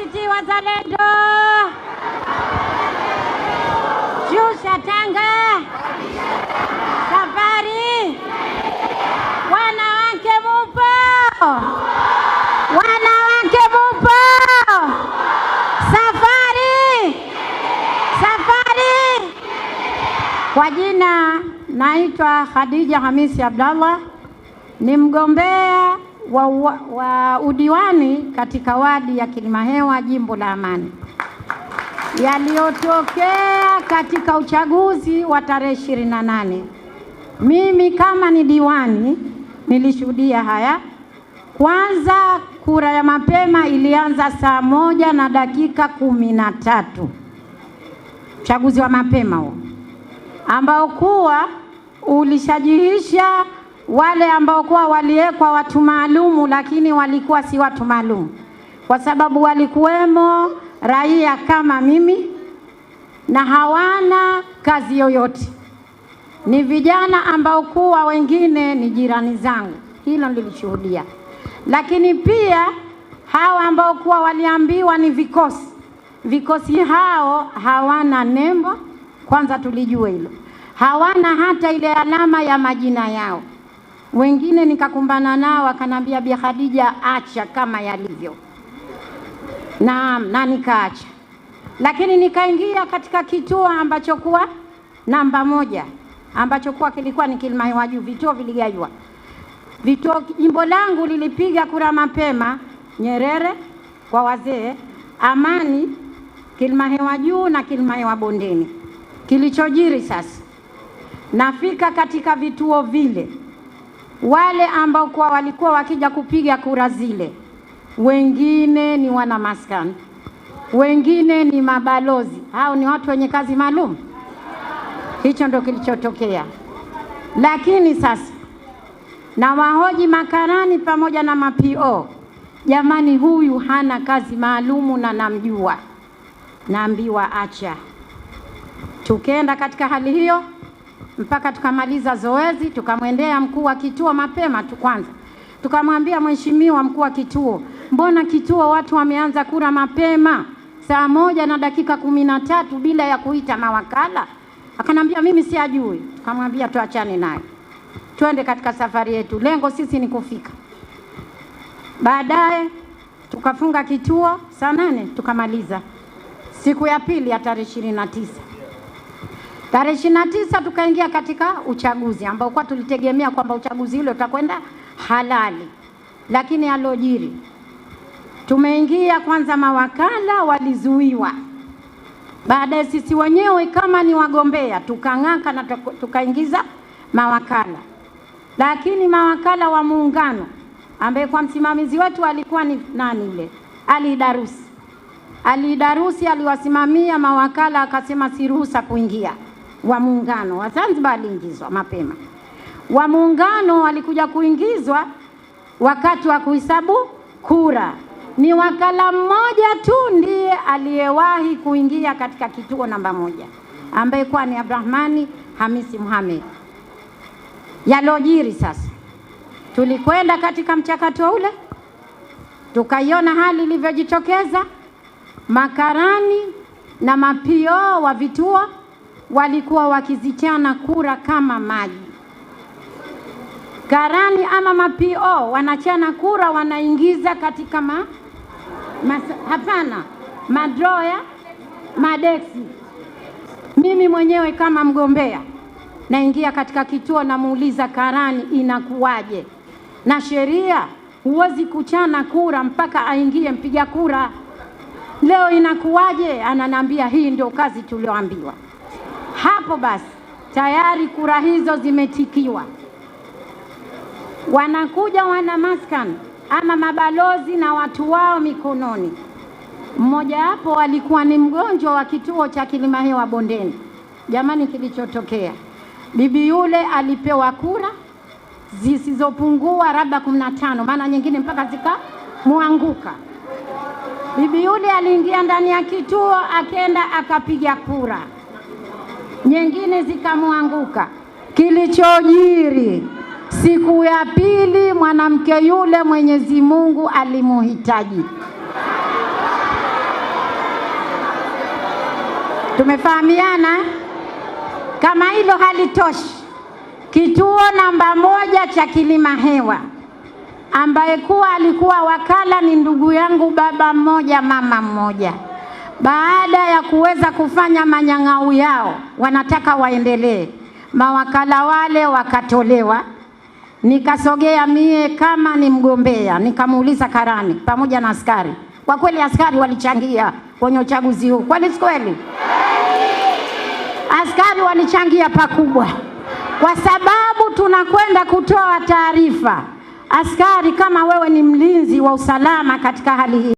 ACT Wazalendo, jusha tanga, safari. Wanawake mupo? Wanawake mupo? Safari, safari. Kwa jina naitwa Khadija Hamisi Abdallah, ni mgombea wa, wa, wa udiwani katika wadi ya Kilimahewa jimbo la Amani yaliyotokea katika uchaguzi wa tarehe ishirini na nane. Mimi kama ni diwani nilishuhudia haya. Kwanza, kura ya mapema ilianza saa moja na dakika kumi na tatu, uchaguzi wa mapema huo ambao kuwa ulishajihisha wale ambao kuwa waliwekwa watu maalumu, lakini walikuwa si watu maalum kwa sababu walikuwemo raia kama mimi na hawana kazi yoyote, ni vijana ambao kuwa wengine ni jirani zangu, hilo nilishuhudia. Lakini pia hawa ambao kuwa waliambiwa ni vikosi, vikosi hao hawana nembo, kwanza tulijue hilo, hawana hata ile alama ya majina yao. Wengine nikakumbana nao wakanambia, Bi Khadija, acha kama yalivyo. Naam, na nikaacha, lakini nikaingia katika kituo ambacho kuwa namba moja ambacho kuwa kilikuwa ni wa juu, vituo viligaiwa vituo. Jimbo langu lilipiga kura mapema, Nyerere kwa wazee, Amani Kilimahewa juu na wa bondeni. Kilichojiri sasa, nafika katika vituo vile wale ambao kwa walikuwa wakija kupiga kura zile, wengine ni wana maskani, wengine ni mabalozi, hao ni watu wenye kazi maalum. Hicho ndo kilichotokea. Lakini sasa na wahoji makarani pamoja na mapo jamani, huyu hana kazi maalumu na namjua, naambiwa acha. Tukienda katika hali hiyo mpaka tukamaliza zoezi, tukamwendea mkuu wa kituo mapema tu kwanza, tukamwambia mheshimiwa mkuu wa kituo, mbona kituo watu wameanza kura mapema saa moja na dakika kumi na tatu bila ya kuita mawakala? Akanambia mimi siajui. Tukamwambia tuachane naye, twende katika safari yetu, lengo sisi ni kufika. Baadaye tukafunga kituo saa nane tukamaliza siku ya pili ya tarehe ishirini na tisa. Tarehe 29 na tisa tukaingia katika uchaguzi ambao kwa tulitegemea kwamba uchaguzi ule utakwenda halali, lakini alojiri tumeingia kwanza, mawakala walizuiwa, baadaye sisi wenyewe kama ni wagombea tukang'aka na tukaingiza mawakala, lakini mawakala wa muungano ambaye kwa msimamizi wetu alikuwa ni nani ile Ali Darusi, Ali Darusi aliwasimamia mawakala akasema si ruhusa kuingia wa muungano wa Zanzibar aliingizwa mapema. Wa muungano walikuja kuingizwa wakati wa kuhesabu kura. Ni wakala mmoja tu ndiye aliyewahi kuingia katika kituo namba moja ambaye kwa ni Abdrahmani Hamisi Mohamed. Yalojiri sasa, tulikwenda katika mchakato ule tukaiona hali ilivyojitokeza, makarani na mapio wa vituo walikuwa wakizichana kura kama maji. Karani ama mapo wanachana kura, wanaingiza katika ma, mas, hapana madroya madeksi. Mimi mwenyewe kama mgombea naingia katika kituo, namuuliza karani, inakuwaje? Na sheria huwezi kuchana kura mpaka aingie mpiga kura. Leo inakuwaje? Ananiambia hii ndio kazi tulioambiwa. Hapo basi tayari kura hizo zimetikiwa, wanakuja wana maskan ama mabalozi na watu wao mikononi. Mmoja hapo alikuwa ni mgonjwa wa kituo cha Kilimahewa bondeni. Jamani, kilichotokea bibi yule alipewa kura zisizopungua labda kumi na tano, maana nyingine mpaka zikamwanguka. Bibi yule aliingia ndani ya kituo, akenda akapiga kura nyingine zikamwanguka. Kilichojiri siku ya pili, mwanamke yule Mwenyezi Mungu alimuhitaji. Tumefahamiana? Kama hilo halitoshi, kituo namba moja cha Kilima Hewa ambaye kuwa alikuwa wakala ni ndugu yangu, baba mmoja mama mmoja. Baada ya kuweza kufanya manyang'au yao, wanataka waendelee. Mawakala wale wakatolewa, nikasogea mie kama ni mgombea, nikamuuliza karani pamoja na askari. Kwa kweli askari walichangia kwenye uchaguzi huu, kweli si kweli? Askari walichangia pakubwa, kwa sababu tunakwenda kutoa taarifa. Askari, kama wewe ni mlinzi wa usalama katika hali hii